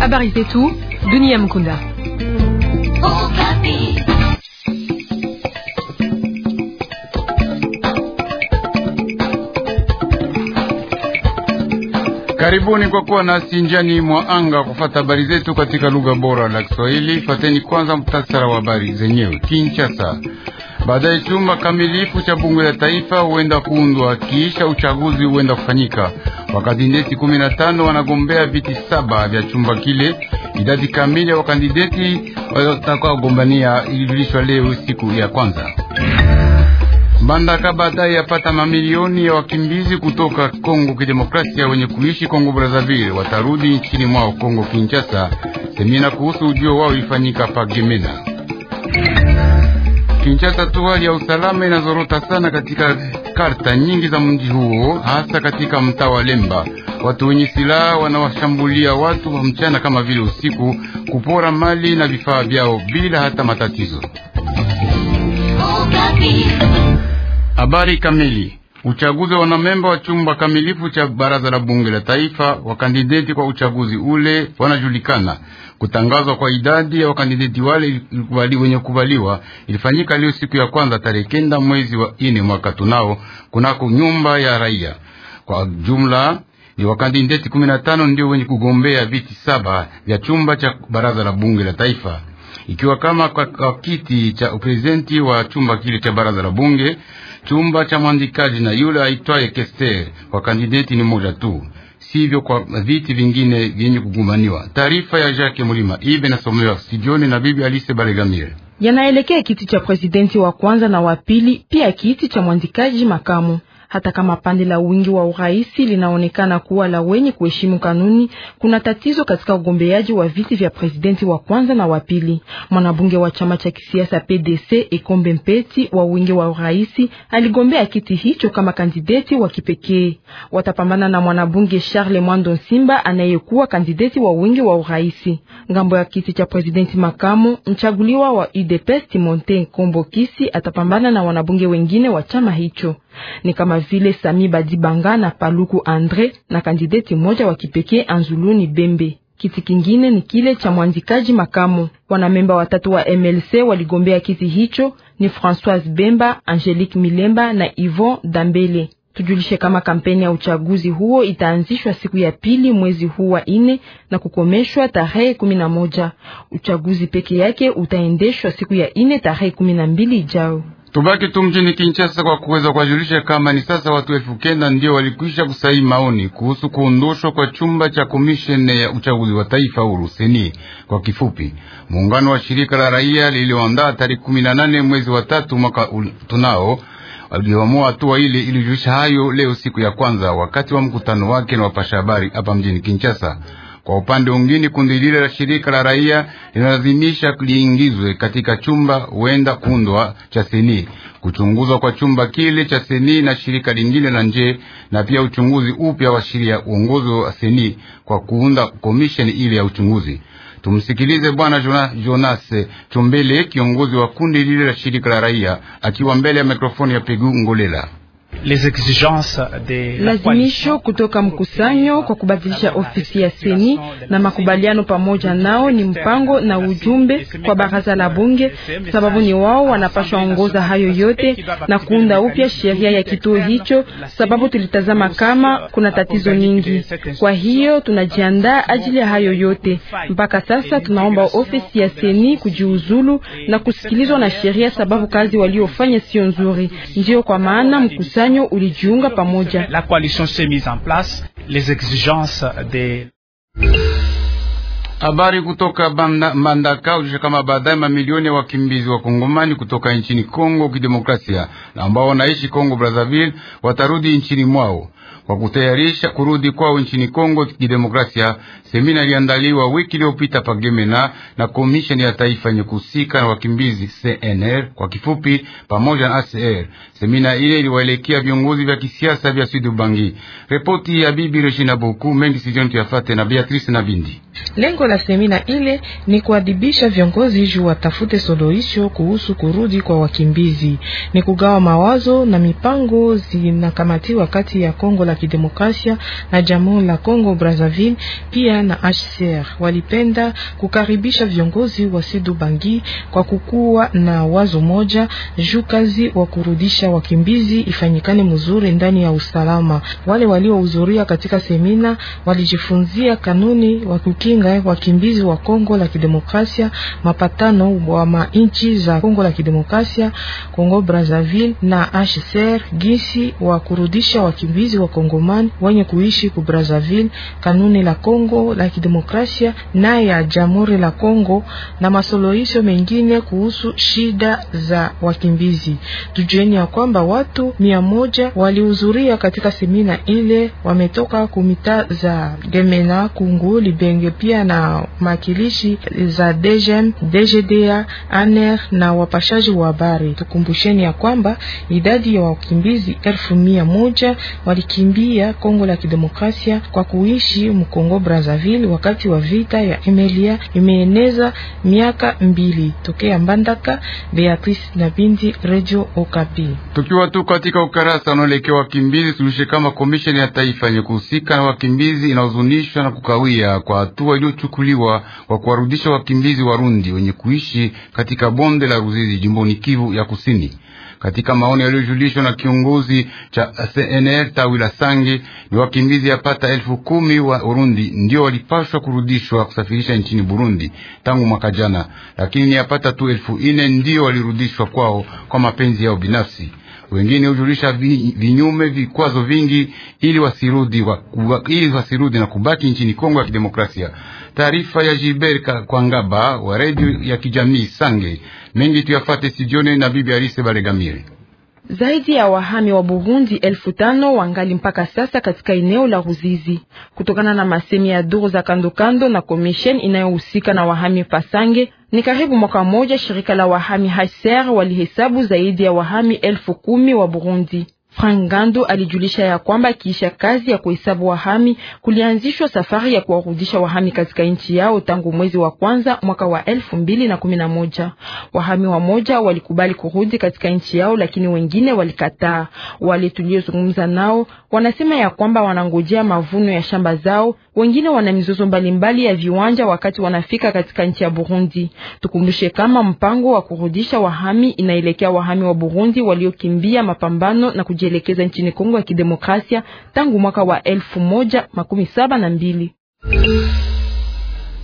Habari zetu Dunia Mkunda. Karibuni kwa kuwa nasi njani mwa anga kufata habari zetu katika lugha bora la Kiswahili. Fateni kwanza mtasara wa habari zenyewe. Kinshasa. Baadaye chumba kamilifu cha bunge la taifa huenda kuundwa kisha uchaguzi huenda kufanyika. Wakandideti kumi na tano wanagombea viti saba vya chumba kile. Idadi kamili ya wakandideti watakaogombania ilijulishwa leo siku ya kwanza. Mbandaka baadaye yapata mamilioni ya wakimbizi kutoka Kongo Kidemokrasia wenye kuishi Kongo Brazzaville watarudi nchini mwao Kongo Kinshasa. Semina kuhusu ujio wao ifanyika pa Gemena Kinshasa. Tu hali ya usalama inazorota sana katika karta nyingi za mji huo, hasa katika mtaa wa Lemba. Watu wenye silaha wanawashambulia watu wa mchana kama vile usiku, kupora mali na vifaa vyao bila hata matatizo. Habari kamili Uchaguzi wa wanamemba wa chumba kamilifu cha baraza la bunge la taifa, wakandideti kwa uchaguzi ule wanajulikana. Kutangazwa kwa idadi ya wakandideti wale kubali wenye kubaliwa ilifanyika leo siku ya kwanza tarehe kenda mwezi wa ine mwaka tunao kunako nyumba ya raia. Kwa jumla ni wakandideti 15 ndio wenye kugombea viti saba vya chumba cha baraza la bunge la taifa ikiwa kama kwa, kwa kiti cha uprezidenti wa chumba kile cha baraza la bunge, chumba cha mwandikaji na yule aitwaye Kester. Kwa kandideti ni moja tu sivyo kwa viti vingine vyenye kugumaniwa. Taarifa ya Jacques Mulima ive nasomewa studioni na bibi Alice Balegamire yanaelekea kiti cha presidenti wa kwanza na wa pili, pia kiti cha mwandikaji makamu. Hata kama pande la wingi wa uraisi linaonekana kuwa la wenye kuheshimu kanuni, kuna tatizo katika ugombeaji wa viti vya presidenti wa kwanza na wa pili. Mwanabunge wa chama cha kisiasa PDC Ekombe Mpeti wa wingi wa uraisi aligombea kiti hicho kama kandideti wa kipekee. Watapambana na mwanabunge Charles Mwando simba anayekuwa kandideti wa wingi wa uraisi. Ngambo ya kiti cha presidenti makamu, mchaguliwa wa UDPS Timonte Nkombo Kisi atapambana na wanabunge wengine wa chama hicho ni kama vile Sami Badibanga na Paluku Andre na kandideti mmoja wa kipekee Anzuluni Bembe. Kiti kingine ni kile cha mwandikaji makamu. Wanamemba watatu wa MLC waligombea kiti hicho ni Francoise Bemba, Angelique Milemba na Yvon Dambele. Tujulishe kama kampeni ya uchaguzi huo itaanzishwa siku ya pili mwezi huu wa ine na kukomeshwa tarehe kumi na moja. Uchaguzi peke yake utaendeshwa siku ya ine tarehe kumi na mbili ijao. Tubaki tu mjini Kinshasa kwa kuweza kuwajulisha kama ni sasa watu elfu kenda ndio walikwisha kusaini maoni kuhusu kuondoshwa kwa chumba cha komishene ya uchaguzi wa taifa uruseni kwa kifupi, muungano wa shirika la raia lilioandaa tarehe kumi na nane mwezi wa tatu mwaka tunao walioamua hatua ile ilijulisha hayo leo siku ya kwanza wakati wa mkutano wake na wapasha habari hapa mjini Kinshasa. Kwa upande mwingine, kundi lile la shirika la raia linalazimisha liingizwe katika chumba huenda kundwa cha seni, kuchunguzwa kwa chumba kile cha seni na shirika lingine la nje, na pia uchunguzi upya wa sheria uongozi wa seni kwa kuunda komisheni ile ya uchunguzi. Tumsikilize Bwana Jonas Chumbele, kiongozi wa kundi lile la shirika la raia, akiwa mbele ya mikrofoni ya Pegu Ngolela lazimisho kutoka mkusanyo kwa kubadilisha ofisi ya seni na makubaliano pamoja nao ni mpango na ujumbe kwa baraza la bunge, sababu ni wao wanapashwa ongoza hayo yote na kuunda upya sheria ya kituo hicho, sababu tulitazama kama kuna tatizo nyingi. Kwa hiyo tunajiandaa ajili ya hayo yote. Mpaka sasa tunaomba ofisi ya seni kujiuzulu na kusikilizwa na sheria, sababu kazi waliofanya sio nzuri. Ndiyo kwa maana mkusanyo mkusanyo ulijiunga pamoja. La coalition s'est mise en place les exigences de Habari kutoka mandaka Mbandaka ulisha kama baadaye mamilioni ya wakimbizi wa Kongomani kutoka nchini Kongo Kidemokrasia na ambao wanaishi Kongo Brazzaville watarudi nchini mwao kwa kutayarisha kurudi kwao nchini Kongo Kidemokrasia. Semina iliandaliwa wiki iliyopita Pagemena na komisheni ya taifa yenye kuhusika na wakimbizi CNR kwa kifupi, pamoja na ACR. Semina ile iliwaelekea viongozi vya kisiasa vya Sud Ubangi. Ripoti ya Bibi Regina Boku mengi sijioni tuyafate na Beatrice na Bindi. Lengo la semina ile ni kuadibisha viongozi juu watafute suluhisho kuhusu kurudi kwa wakimbizi, ni kugawa mawazo na mipango zinakamatiwa kati ya Kongo Kongo la Kidemokrasia na Jamhuri la Kongo Brazzaville, pia na HCR walipenda kukaribisha viongozi wa Sidu Bangi kwa kukuwa na wazo moja juu kazi wa kurudisha wakimbizi ifanyikane mzuri ndani ya usalama. Wale waliohudhuria katika semina walijifunzia kanuni wa kukinga wakimbizi wa Kongo la Kidemokrasia, mapatano wa manchi za Kongo la Kidemokrasia, Kongo Brazzaville na HCR, jinsi wa kurudisha wakimbizi wa wakongomani wenye kuishi ku Brazzaville kanuni la Kongo la kidemokrasia na ya Jamhuri la Kongo na masuluhisho mengine kuhusu shida za wakimbizi. Tujueni ya kwamba watu mia moja walihudhuria katika semina ile, wametoka kumita za Gemena, Kungu, Libenge pia na makilishi za DGM, DGDA, ANER na wapashaji wa habari. Tukumbusheni ya kwamba idadi ya wakimbizi elfu mia moja wali walikimbia Kongo la Kidemokrasia kwa kuishi Mkongo Brazzaville wakati wa vita ya Emilia imeeneza miaka mbili tokea Mbandaka. Beatrice na Binti, Radio Okapi. Tukiwa tu katika ukarasa unaoelekea wakimbizi, tulishe kama komisheni ya taifa yenye kuhusika na wakimbizi inahuzunishwa na kukawia kwa hatua iliyochukuliwa kwa kuwarudisha wakimbizi Warundi wenye kuishi katika bonde la Ruzizi jimboni Kivu ya Kusini. Katika maoni yaliyojulishwa na kiongozi cha CNL tawi la Sange, ni wakimbizi yapata elfu kumi wa Burundi ndio walipashwa kurudishwa kusafirisha nchini Burundi tangu mwaka jana, lakini ni yapata tu elfu ine ndio walirudishwa kwao kwa mapenzi yao binafsi wengine hujulisha vinyume vikwazo vingi ili wasirudi, wa, ili wasirudi na kubaki nchini Kongo ya Kidemokrasia. Taarifa ya Jiberka kwa ngaba wa redio ya kijamii Sange mengi tuyafate sijione na bibi Alice Balegamire. Zaidi ya wahami wa Burundi elfu tano wangali mpaka sasa katika eneo la Ruzizi, kutokana na masemi ya duru za kandokando na komisheni inayohusika na wahami Pasange. Ni karibu mwaka mmoja shirika la wahami HCR walihesabu zaidi ya wahami elfu kumi wa Burundi. Frank alijulisha ya kwamba kiisha kazi ya kuhesabu wahami kulianzishwa safari ya kuwarudisha wahami katika nchi yao tangu mwezi wa kwanza mwaka wa elfu mbili na kumi na moja. Wahami wamoja walikubali kurudi katika nchi yao, lakini wengine walikataa. Wale tuliozungumza nao wanasema ya kwamba wanangojea mavuno ya shamba zao. Wengine wana mizozo mbalimbali ya viwanja wakati wanafika katika nchi ya Burundi. Tukumbushe kama mpango wa kurudisha wahami inaelekea wahami wa Burundi waliokimbia mapambano na kujielekeza nchini Kongo ya Kidemokrasia tangu mwaka wa elfu moja makumi saba na mbili.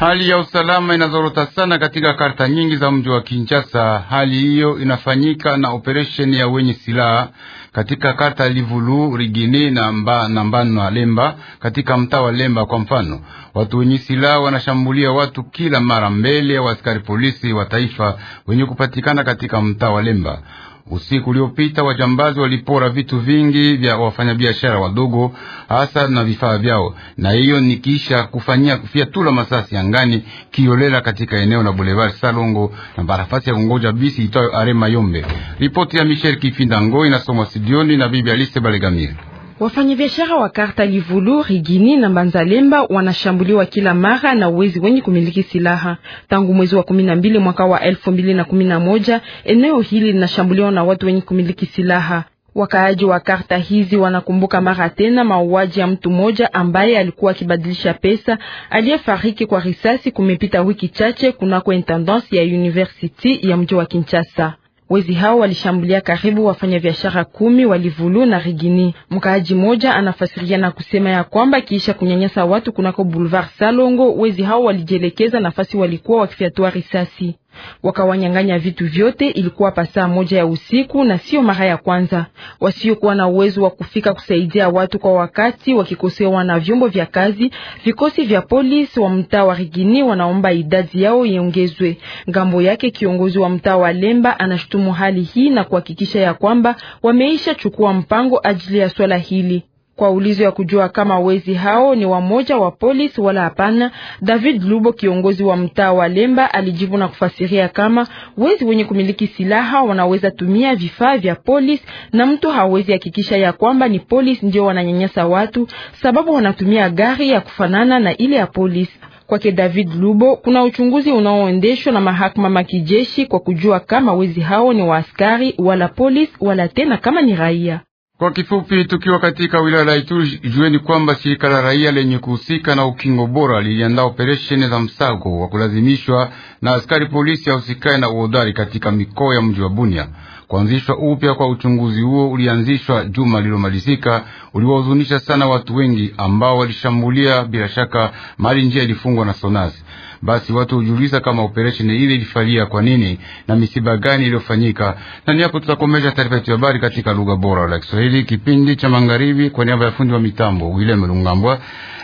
Hali ya usalama inazorota sana katika karta nyingi za mji wa Kinshasa. Hali hiyo inafanyika na operesheni ya wenye silaha katika karta Livulu, Rigini na mba, na Mbanwa Lemba katika mtaa wa Lemba. Kwa mfano, watu wenye silaha wanashambulia watu kila mara mbele ya askari polisi wa taifa wenye kupatikana katika mtaa wa Lemba. Usiku uliopita wajambazi walipora vitu vingi vya wafanyabiashara wadogo, hasa na vifaa vyao, na hiyo ni kisha kufanyia tula masasi angani kiolela katika eneo la Boulevard Salongo na barafasi ya kungoja bisi itayo Arema Yombe. Ripoti ya Michel Kifindango inasomwa studioni na bibi Alice Balegamire. Wafanyabiashara wa karta Livulu, Rigini na Mbanzalemba wanashambuliwa kila mara na wezi wenye kumiliki silaha. Tangu mwezi wa kumi na mbili mwaka wa elfu mbili na kumi na moja eneo hili linashambuliwa na watu wenye kumiliki silaha. Wakaaji wa karta hizi wanakumbuka mara tena mauaji ya mtu mmoja ambaye alikuwa akibadilisha pesa aliyefariki kwa risasi kumepita wiki chache kunako intendansi ya university ya mji wa Kinshasa. Wezi hao walishambulia karibu wafanyabiashara kumi walivulu na Rigini. Mkaaji moja anafasiria na kusema ya kwamba kiisha kunyanyasa watu kunako Boulevard Salongo, wezi hao walijielekeza nafasi walikuwa wakifyatua risasi wakawanyang'anya vitu vyote. Ilikuwa pasaa moja ya usiku na sio mara ya kwanza. Wasiokuwa na uwezo wa kufika kusaidia watu kwa wakati, wakikosewa na vyombo vya kazi, vikosi vya polisi wa mtaa wa Rigini wanaomba idadi yao iongezwe. Ngambo yake, kiongozi wa mtaa wa Lemba anashutumu hali hii na kuhakikisha ya kwamba wameisha chukua mpango ajili ya swala hili. Kwa ulizo ya kujua kama wezi hao ni wamoja wa polis wala hapana, David Lubo, kiongozi wa mtaa wa Lemba, alijibu na kufasiria kama wezi wenye kumiliki silaha wanaweza tumia vifaa vya polis na mtu hawezi hakikisha ya kwamba ni polis ndio wananyanyasa watu, sababu wanatumia gari ya kufanana na ile ya polis Kwake David Lubo, kuna uchunguzi unaoendeshwa na mahakama makijeshi kwa kujua kama wezi hao ni waaskari wala polis wala tena kama ni raia. Kwa kifupi, tukiwa katika wilaya la Ituri, jueni kwamba shirika la raia lenye kuhusika na ukingo bora liliandaa operesheni za msago wa kulazimishwa na askari polisi usikae na uodari katika mikoa ya mji wa Bunia. Kuanzishwa upya kwa uchunguzi huo ulianzishwa juma lililomalizika, uliwahuzunisha sana watu wengi ambao walishambulia bila shaka mali njia ilifungwa na Sonasi. Basi watu hujiuliza kama operesheni ile ilifalia kwa nini na misiba gani iliyofanyika. Na ni hapo tutakomesha taarifa yetu ya habari katika lugha bora la Kiswahili, kipindi cha magharibi, kwa niaba ya fundi wa mitambo William Lungambwa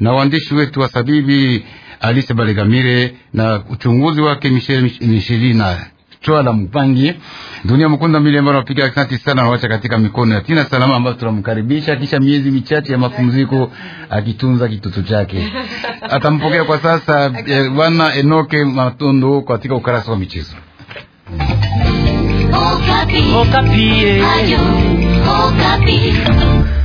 na waandishi wetu wa Sabibi Alice Balegamire na uchunguzi wake Michel Michelina Chwala Mpangi dunia mkunda mbili ambayo anapiga asante sana, nawacha katika mikono ya Tina Salama ambayo tunamkaribisha kisha miezi michache ya mapumziko akitunza kitoto chake. Atampokea kwa sasa eh, bwana Enoke Matondo katika ukarasa wa michezo. Okapi. Okapi. Eh. Ayo. Okapi.